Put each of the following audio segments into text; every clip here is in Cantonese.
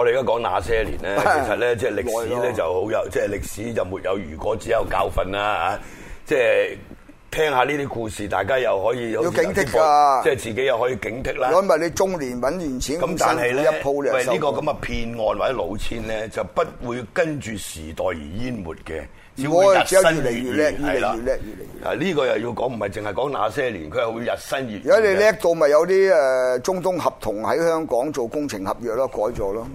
我哋而家講那些年咧，其實咧即係歷史咧就好有，即係歷史就沒有如果，只有教訓啦嚇。即係聽下呢啲故事，大家又可以有警惕㗎。即係自己又可以警惕啦。如果唔係你中年揾完錢咁，但係咧，一鋪咧呢個咁嘅騙案或者老千咧，就不會跟住時代而淹沒嘅。我係只有越嚟越叻，係啦。啊呢個又要講，唔係淨係講那些年，佢係會日新月異。如果你叻到，咪有啲誒中東合同喺香港做工程合約咯，改咗咯。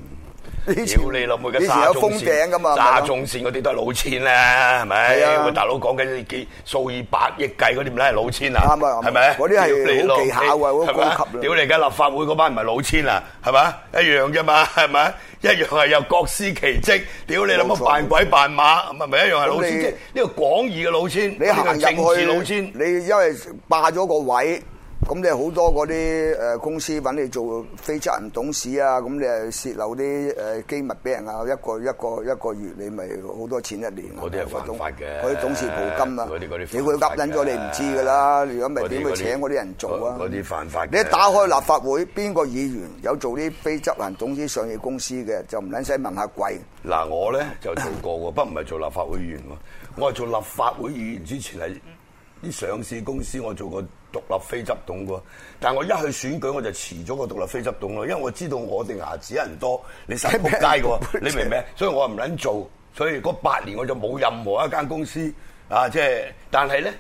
屌你老母嘅沙中線，沙中線嗰啲都係老千啦，係咪？大佬講緊幾數以百億計嗰啲咪係老千啊？啱啊，係咪？嗰啲係好技巧嘅，好高級。屌你而家立法會嗰班唔係老千啊，係咪？一樣啫嘛，係咪？一樣係有各司其職。屌你諗乜扮鬼扮馬，係咪一樣係老千啫。呢個廣義嘅老千，呢個政治老千，你因為霸咗個位。咁你好多嗰啲誒公司揾你做非執行董事啊？咁你誒泄露啲誒機密俾人啊？一個一個一個月你咪好多錢一年。嗰啲係犯法嘅，嗰啲董事袍金啊！嗰啲嗰啲，你會鴨卵咗你唔知㗎啦！如果咪點會請嗰啲人做啊？嗰啲犯法嘅。你一打開立法會，邊個議員有做啲非執行董事上市公司嘅？就唔撚使問阿貴。嗱，我咧就做過喎，不過唔係做立法會議員喎，我係做立法會議員之前喺啲上市公司，我做過。獨立非執董嘅喎，但係我一去選舉我就辭咗個獨立非執董咯，因為我知道我哋牙齒人多，你實係仆街嘅喎， 你明唔明？ 所以我又唔撚做，所以嗰八年我就冇任何一間公司啊，即係，但係咧，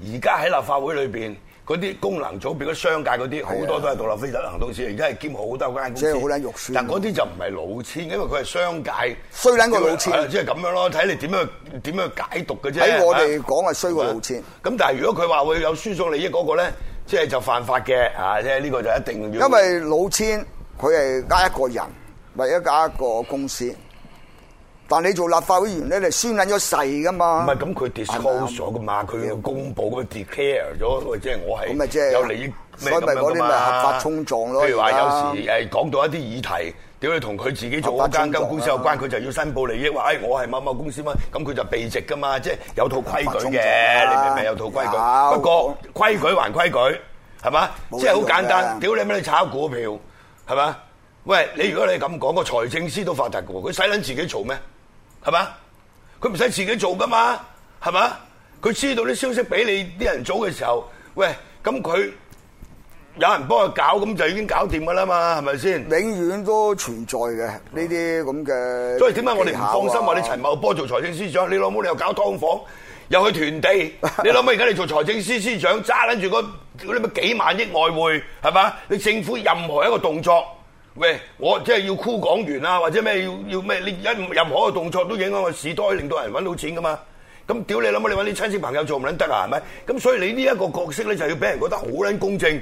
而家喺立法會裏邊。嗰啲功能組，變咗商界嗰啲，好是的 多都係獨立非執行董事，而家係兼好多間公司。即係好撚肉酸。但嗰啲就唔係老千，因為佢係商界衰撚過老千。即係咁樣咯，睇你點樣點樣解讀嘅啫。喺我哋講係衰過老千。咁吧但係如果佢話會有輸送利益嗰、嗰個咧，即係就是、犯法嘅嚇，即係呢個就一定要。因為老千佢係加一個人，加一個公司。但你做立法會議員咧，嚟宣引咗誓噶嘛？唔係咁，佢 disclose 噶嘛，佢又公佈，佢 declare 咗，即係我係有利益咩咁樣噶嘛？嗰啲咪合法衝撞咯？譬如話，有時誒講到一啲議題，屌你同佢自己做間間公司有關，佢就要申報利益，話誒我係某某公司乜咁，佢就避席噶嘛，即係有套規矩嘅。你明唔明有套規矩，不過規矩還規矩，係嘛？即係好簡單，屌你咪你炒股票，係嘛？喂，你如果你咁講，個財政司都發達嘅喎，佢使撚自己做咩？係嘛？佢唔使自己做噶嘛？係嘛？佢知道啲消息畀你啲人做嘅時候，喂，咁佢有人幫佢搞，咁就已經搞掂噶啦嘛？係咪先？永遠都存在嘅呢啲咁嘅。這這所以點解我哋唔放心話你陳茂波做財政司長？啊、你老母你又搞劏房，又去囤地， 你老母而家你做財政司司長，揸緊住揸撚住嗰啲咩幾萬億外匯，係嘛？你政府任何一個動作。喂，我即係要箍講完啊，或者咩要要咩？你一任何嘅動作都影響個市道，令到人揾到錢噶嘛。咁屌你諗下，你揾啲親戚朋友做唔捻得啊？係咪？咁所以你呢一個角色咧，就要俾人覺得好捻公正，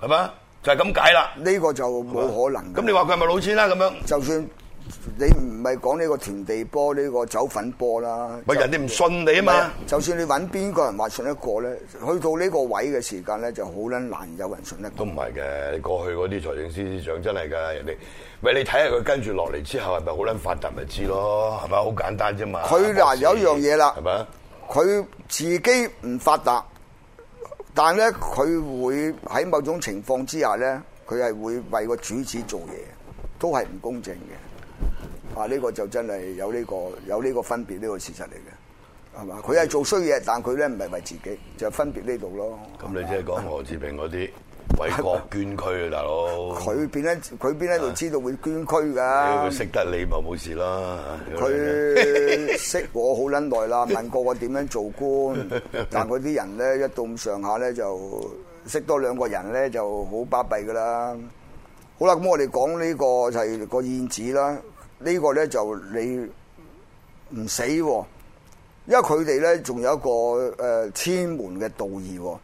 係嘛？就係咁解啦。呢個就冇可能。咁吧你話佢係咪老錢啦咁樣？就算。你唔係講呢個田地波，呢個走粉波啦。咪人哋唔信你啊嘛！就算你揾邊個人話信得過咧，去到呢個位嘅時間咧，就好捻難有人信得過。都唔係嘅，過去嗰啲財政司司長真係噶，人哋喂，你睇下佢跟住落嚟之後係咪好捻發達咪知咯，係咪？好簡單啫嘛。佢嗱，有一樣嘢啦，係咪？佢自己唔發達，但係咧佢會喺某種情況之下咧，佢係會為個主子做嘢，都係唔公正嘅。啊！呢個就真係有呢個有呢個分別呢個事實嚟嘅，係嘛？佢係做衰嘢，但佢咧唔係為自己，就係、分別呢度咯。咁你即係講何志平嗰啲為國捐軀啊，大佬！佢邊一佢邊一度知道會捐軀㗎。呢個識得你咪冇事啦。佢識我好撚耐啦，問過我點樣做官，但佢啲人咧一到咁上下咧就識多兩個人咧就了好巴閉㗎啦。好啦，咁我哋講呢個就係個燕子啦。個呢個咧就你唔死，哦，因為佢哋咧仲有一個誒千、呃、門嘅道義、哦，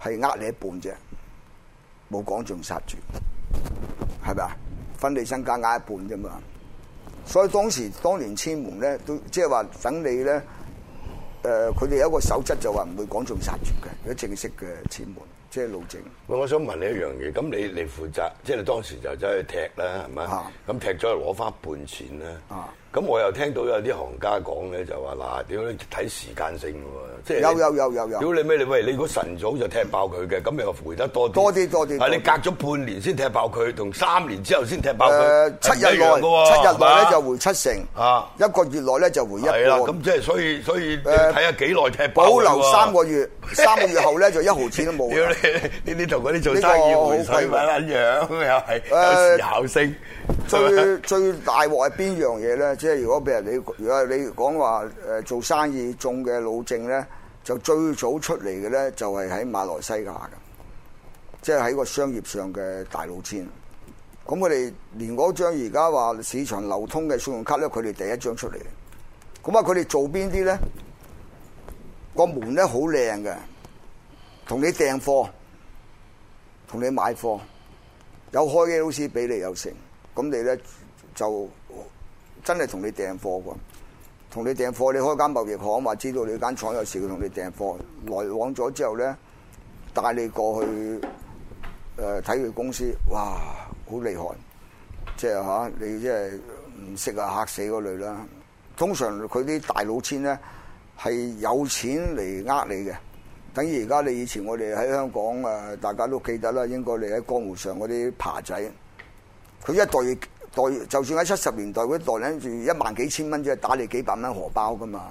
係呃你一半啫，冇趕盡殺絕，係咪啊？分你身家呃一半啫嘛，所以當時當年千門咧都即係話等你咧，誒、呃，佢哋有一個守則就話唔會趕盡殺絕嘅，有正式嘅千門。即、就、係路政。喂，我想問你一樣嘢，咁你你負責，即係你當時就走去踢啦，係咪？咁踢咗又攞翻半錢啦。咁我又聽到有啲行家講咧，就話嗱，屌咧睇時間性喎，即係有有有有有。屌你咩？你喂，你個晨早就踢爆佢嘅，咁你又回得多多啲多啲。係你隔咗半年先踢爆佢，同三年之後先踢爆佢。七日內，七日內咧就回七成。啊，一個月內咧就回一成。啦，咁即係所以，所以睇下幾耐踢爆。保留三個月，三個月後咧就一毫錢都冇。呢呢同嗰啲做生意回水一樣，又係有時效性。最 最大鑊係邊樣嘢咧？即係如果譬如你，如果你講話誒做生意，中嘅老證咧，就最早出嚟嘅咧，就係喺馬來西亞嘅，即係喺個商業上嘅大老千。咁佢哋連嗰張而家話市場流通嘅信用卡咧，佢哋第一張出嚟。咁啊，佢哋做邊啲咧？個門咧好靚嘅，同你訂貨，同你買貨，有開嘅老師俾你有成。咁你咧就真係同你訂貨喎，同你訂貨，你開間貿易行嘛，知道你間廠有事，佢同你訂貨來往咗之後咧，帶你過去誒睇佢公司，哇，好厲害！即係嚇，你即係唔識啊，嚇死嗰類啦。通常佢啲大老千咧係有錢嚟呃你嘅，等於而家你以前我哋喺香港誒、呃，大家都記得啦，應該你喺江湖上嗰啲扒仔。佢一代代就算喺七十年代，佢代捻住一萬幾千蚊，即係打你幾百蚊荷包噶嘛。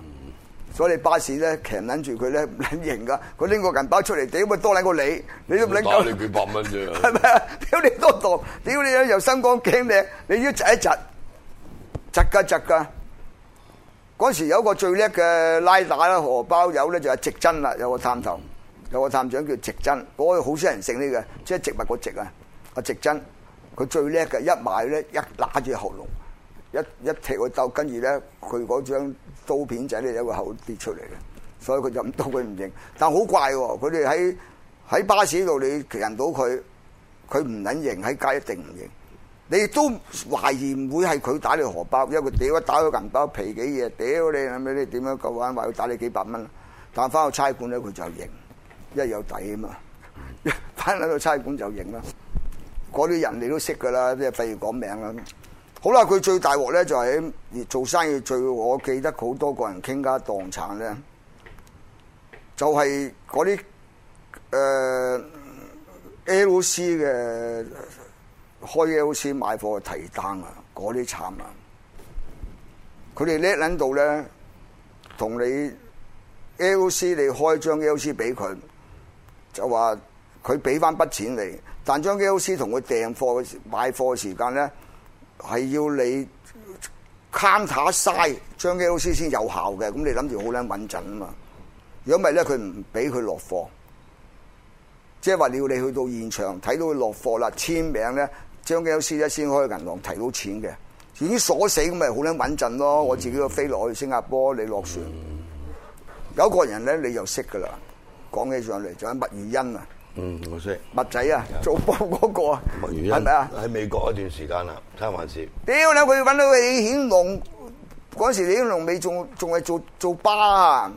所以你巴士咧其實捻住佢咧唔捻贏噶，佢拎個銀包出嚟，屌咪多捻個你，你都唔捻夠。打你幾百蚊啫。係咪啊？屌你多度，屌你啊！又心光驚你，你要窒一窒，窒噶窒噶。嗰時有個最叻嘅拉打咧荷包友咧就係植真啦，有個探頭，有個探長叫植真，嗰個好少人識呢個，即係植物嗰植啊，阿植真。.佢最叻嘅，一買咧一揦住喉嚨，一一踢佢兜，跟住咧佢嗰張刀片仔咧一個口跌出嚟嘅，所以佢就唔到佢唔認，但好怪喎、哦，佢哋喺喺巴士度你騎人到佢，佢唔肯認，喺街一定唔認，你都懷疑唔會係佢打你荷包，因為屌打咗銀包皮幾嘢，屌你諗咩咧？點樣夠玩話要打你幾百蚊，但翻到差館咧佢就認，一有底啊嘛，翻嚟到差館就認啦。嗰啲人你都識噶啦，即係譬如講名啦。好啦，佢最大鑊咧就係，做生意最我記得好多個人傾家蕩產咧，就係嗰啲誒 L C 嘅開 L C 買貨提單啊，嗰啲慘啊！佢哋叻捻度咧，同你 L C 你開張 L C 俾佢，就話佢俾翻筆錢你。但將 g 老 c 同佢訂貨嘅時買貨嘅時間咧，係要你 count 監察曬將 g 老 c 先有效嘅。咁你諗住好撚穩陣啊嘛？如果唔係咧，佢唔俾佢落貨，即係話你要你去到現場睇到佢落貨啦，簽名咧，將 g 老 c 咧先開銀行提到錢嘅。至於鎖死咁咪好撚穩陣咯。我自己飛落去新加坡，你落船有個人咧，你又識噶啦。講起上嚟就係乜爾恩啊！嗯，我識麥仔啊，有做波嗰、嗰個啊，係咪啊？喺美國一段時間啦，睇下還是屌你！佢揾到李顯龍嗰時，李顯龍未仲仲係做做，做巴啊！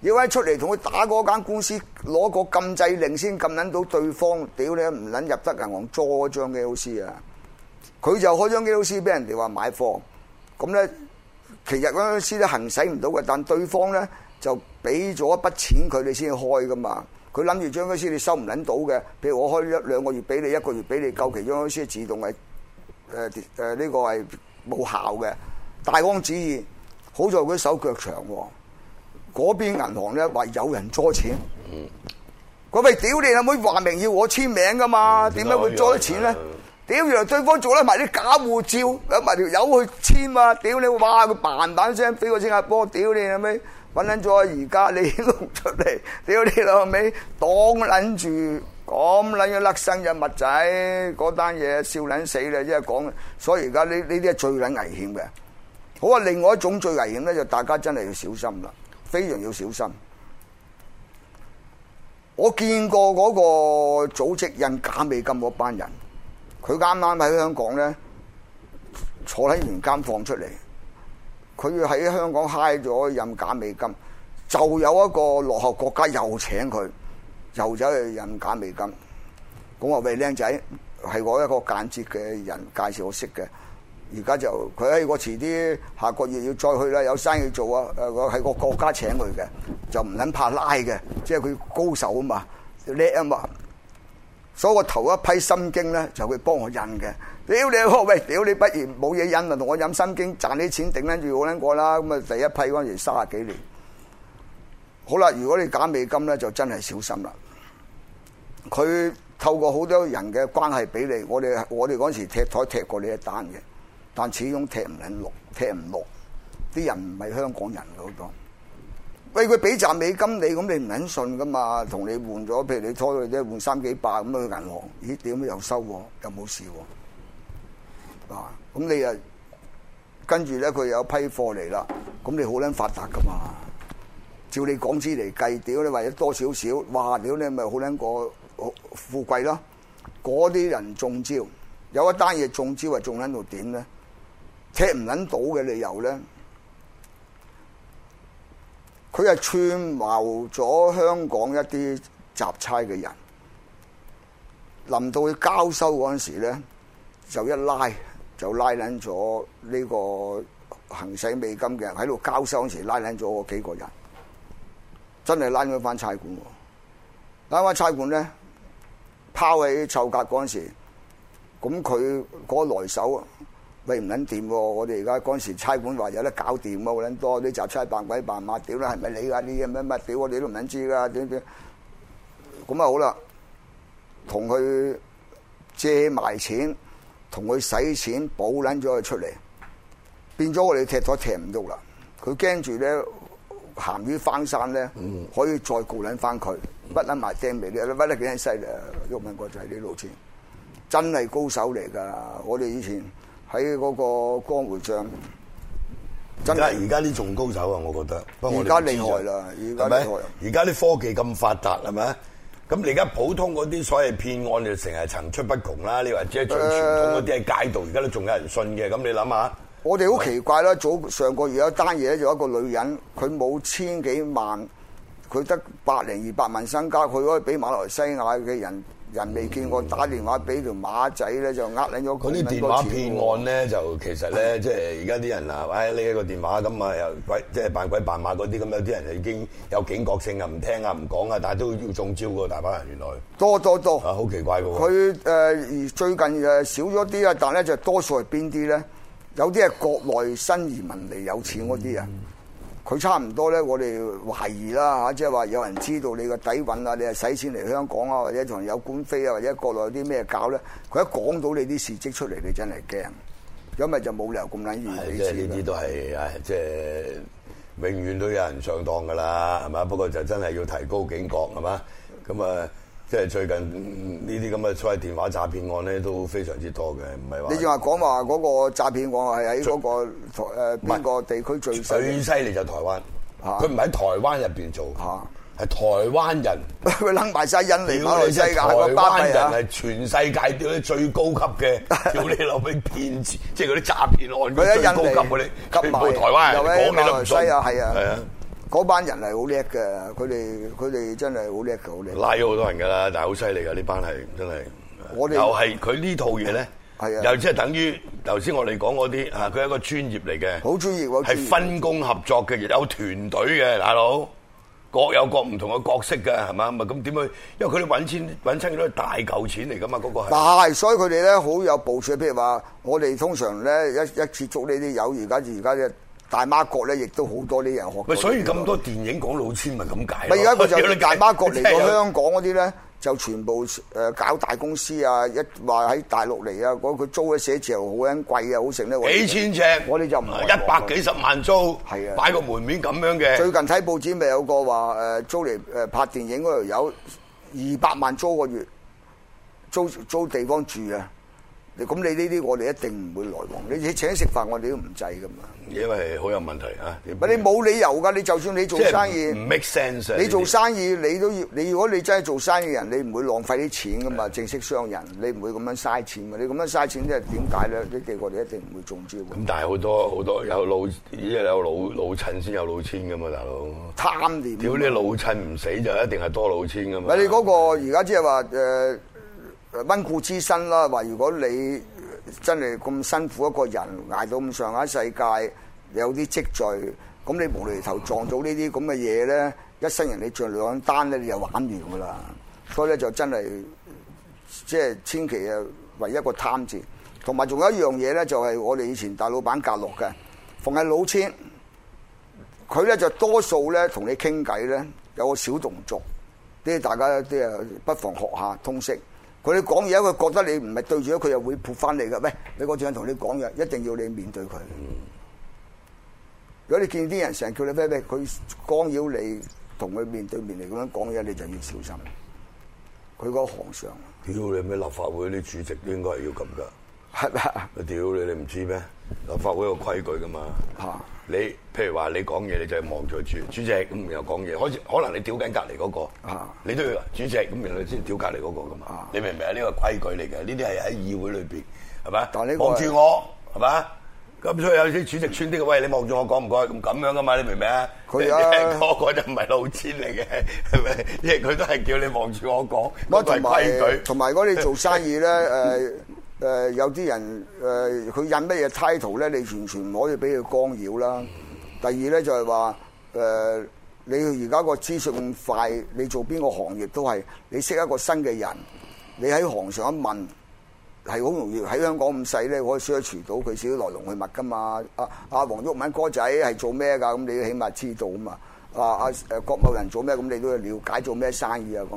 要喺出嚟同佢打嗰間公司攞個禁制令先禁撚到對方。屌你唔撚入得銀行做張機師啊！佢就開張機師俾人哋話買貨，咁咧其實嗰張師咧行使唔到嘅，但對方咧就俾咗一筆錢佢哋先開噶嘛。佢諗住張公司你收唔撚到嘅，譬如我開一兩個月俾你，俾你一個月，俾你夠期張公司自動係誒誒呢個係冇效嘅。大安旨意，好在佢手腳長喎。嗰邊銀行咧話有人捉錢，嗰位屌你阿妹話明要我簽名噶嘛？點解、嗯、會捉啲錢咧？屌、嗯，原來對方做甩埋啲假護照，揼埋條友去簽嘛？屌你，你，哇，佢嘭嘭聲飛過先。阿波屌你阿妹！搵捻咗，而家你露出嚟，屌你老味，擋捻住，咁捻嘅甩生嘅物仔，嗰單嘢笑捻死咧，即係講，所以而家呢呢啲係最捻危險嘅。好啊，另外一種最危險咧，就大家真係要小心啦，非常要小心。我見過嗰個組織印假美金嗰班人，佢啱啱喺香港咧坐喺嚴監放出嚟。佢喺香港嗨咗印假美金，就有一個落後國家又請佢，又走去印假美金。咁我嘅靚仔係我一個間接嘅人介紹我識嘅。而家就佢喺我遲啲下個月要再去啦，有生意做啊！誒、呃，我喺個國家請佢嘅，就唔撚怕拉嘅，即係佢高手啊嘛，叻啊嘛。所以我頭一批心經咧就佢、是、幫我印嘅。屌你！我喂，屌你！不如冇嘢飲啦，同我飲心經，賺啲錢頂翻住我撚過啦。咁啊，第一批嗰陣時三十幾年，好啦，如果你揀美金咧，就真係小心啦。佢透過好多人嘅關係俾你，我哋我哋嗰陣時踢台踢過你一單嘅，但始終踢唔撚落，踢唔落。啲人唔係香港人嚟講、那個，喂佢俾賺美金你，咁你唔肯信噶嘛？同你換咗，譬如你拖到你換三幾百咁去銀行咦屌又收喎？又冇事喎？咁你啊，跟住咧佢有批貨嚟啦，咁、嗯、你好捻發達噶嘛？照你講之嚟計，屌你為咗多少少，話，屌你咪好捻過富貴咯，嗰啲人中招，有一單嘢中招啊，中捻到點咧？踢唔捻到嘅理由咧，佢係串謀咗香港一啲雜差嘅人，臨到去交收嗰陣時咧，就一拉。就拉撚咗呢個行使美金嘅人喺度交收嗰時，拉撚咗幾個人，真係拉翻返差館喎。拉翻差館咧，拋起臭格嗰陣時，咁佢嗰個嚟手未唔撚掂喎。我哋而家嗰陣時差館話有得搞掂喎，好撚多啲雜差扮鬼扮馬屌啦，係咪你啊你乜乜屌？我哋都唔撚知㗎，點點。咁啊好啦，同佢借埋錢。同佢使錢保撚咗佢出嚟，變咗我哋踢咗踢唔喐啦。佢驚住咧鹹魚翻山咧，可以再顧撚翻佢。屈撚埋釘畀你屈得幾犀利。玉文國就係呢路線，真係高手嚟噶。我哋以前喺嗰個江湖上，真係。而家而家啲仲高手啊，我覺得。不過，而家厲害啦！而家厲害。而家啲科技咁發達，係咪？咁而家普通嗰啲所謂騙案就成日層出不窮啦，你話即係最傳統嗰啲係街道，而家都仲有人信嘅，咁你諗下？我哋好奇怪啦，早我上個月有一單嘢咧，就一個女人，佢冇千幾萬，佢得百零二百萬身家，佢可以俾馬來西亞嘅人。人未見過打電話俾條馬仔咧，嗯、就呃撚咗佢。嗰啲電話騙案咧，就其實咧，是的 即係而家啲人啊，哎呢、哎、個電話咁啊，嗯、又即裝鬼即係扮鬼扮馬嗰啲咁，有啲人已經有警覺性啊，唔聽啊，唔講啊，但係都要中招㗎大把人，原來多多多，多，多啊，好奇怪嘅喎。佢誒、呃、最近誒少咗啲啊，但係咧就多數係邊啲咧？有啲係國內新移民嚟有錢嗰啲啊。嗯嗯佢差唔多咧，我哋懷疑啦嚇，即係話有人知道你個底藴啊，你係使錢嚟香港啊，或者仲有官非啊，或者國內有啲咩搞咧。佢一講到你啲事蹟出嚟，你真係驚，一咪就冇理由咁撚易俾錢。呢啲都係誒，即、哎、係、就是、永遠都有人上當噶啦，係嘛？不過就真係要提高警覺係嘛？咁誒。即係最近呢啲咁嘅所謂電話詐騙案咧都非常之多嘅，唔係話。你仲話講話嗰個詐騙案係喺嗰個誒邊個地區最？最犀利就台灣，佢唔喺台灣入邊做，係台灣人。佢撚埋晒印尼、馬來西亞、台班人係全世界啲最高級嘅屌你老味騙子，即係嗰啲詐騙案。佢喺印尼，全部台灣人講嚟講去，係啊係啊。嗰班人係好叻嘅，佢哋佢哋真係好叻嘅，好叻。拉咗好多人㗎啦，但係好犀利㗎，呢班係真係。我哋們 又係佢呢套嘢咧，的又即係等於頭先我哋講嗰啲嚇，佢係的、啊、一個專業嚟嘅，好專業喎，係分工合作嘅，亦有團隊嘅，大佬各有各唔同嘅角色㗎，係嘛？咪咁點去？因為佢哋揾錢揾親都係大嚿錢嚟㗎嘛，嗰、那個係。但係，所以佢哋咧好有部署。譬如話，我哋通常咧一一接觸呢啲友而家而家嘅。大媽國咧，亦都好多呢人學。所以咁多電影講老千咪咁解。而家個就係大媽國嚟到香港嗰啲咧，就全部誒搞大公司啊！一話喺大陸嚟啊，佢、那個、租嘅寫字樓好緊貴啊，好成咧。幾千尺，我哋就唔係一百幾十萬租。係啊的，擺個門面咁樣嘅。最近睇報紙咪有個話誒租嚟誒拍電影嗰度有二百萬租個月，租租地方住啊！咁你呢啲我哋一定唔會來往，你請食飯我哋都唔制噶嘛，因為好有問題嚇。唔、啊、你冇理由噶，你就算你做生意，唔 make sense。你做生意這些 你都要，你如果你真係做生意人，你唔會浪費啲錢噶嘛，是的 正式商人你唔會咁樣嘥錢㗎。你咁樣嘥錢即係點解咧？呢幾個我你，你一定唔會中招。咁但係好多好多有老，有老老親先有老千㗎嘛，大佬。貪念。屌你老親唔死就一定係多老千㗎嘛。咪你嗰個而家即係話誒？呃溫故知新啦，話如果你真係咁辛苦一個人捱到咁上下世界，有啲積聚，咁你無厘頭撞到呢啲咁嘅嘢咧，一生人你做兩單咧，你就玩完噶啦。所以咧就真係即係千祈啊，唯一個貪字，同埋仲有一樣嘢咧，就係我哋以前大老闆教落嘅，逢係老千，佢咧就多數咧同你傾偈咧有個小動作，即係大家即係不妨學下通識。佢哋講嘢，佢覺得你唔係對住佢又會撲翻嚟噶。喂，李國章同你講嘢，一定要你面對佢。嗯、如果你見啲人成日叫你咩咩，佢干擾你，同佢面對面嚟咁樣講嘢，你就要小心。佢個行上，屌你咩立法會啲主席應該係要咁噶。係咪啊，屌你你唔知咩？立法會有規矩噶嘛？嚇、啊！你譬如話你講嘢，你就係望住主主席咁又講嘢，可可能你屌緊隔離嗰個你都要主席咁原、啊、來先屌隔離嗰個噶嘛？你明唔明啊？呢個、嗰個、規矩嚟嘅，呢啲係喺議會裏邊係咪？但你望住我係嘛？咁所以有啲主席串啲，嘅：「喂，你望住我講唔該咁咁樣噶嘛？你明唔明啊？佢啊，個就唔係老千嚟嘅，係咪？即係佢都係叫你望住我講，嗰個規矩。同埋如果你做生意咧誒。 誒、呃、有啲人誒佢、呃、印乜嘢 title 咧，你完全唔可以俾佢干擾啦。第二咧就係話誒，你而家個資訊咁快，你做邊個行業都係你識一個新嘅人，你喺行上一問係好容易喺香港咁細咧，可以 search 到佢少少來龍去脈㗎嘛。阿阿黃毓民哥仔係做咩㗎？咁你起碼知道啊嘛。啊啊誒、啊、郭某人做咩？咁你都要了解做咩生意啊咁。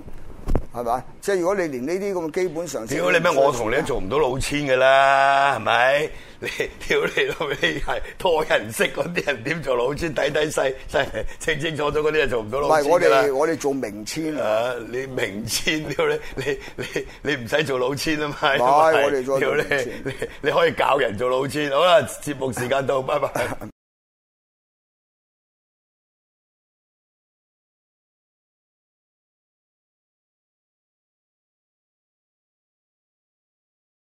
係咪？即係如果你連呢啲咁嘅基本常識，屌你咩？我同你都做唔到老千嘅啦，係咪、啊？你屌你老！你係多人識嗰啲人點做老千，底底細細清清楚楚嗰啲人做唔到老千。唔係我哋我哋做名千啊！你名千屌你你你你唔使做老千啊嘛！唔係我哋做你，你你可以教人做老千。好啦，節目時間到，拜拜。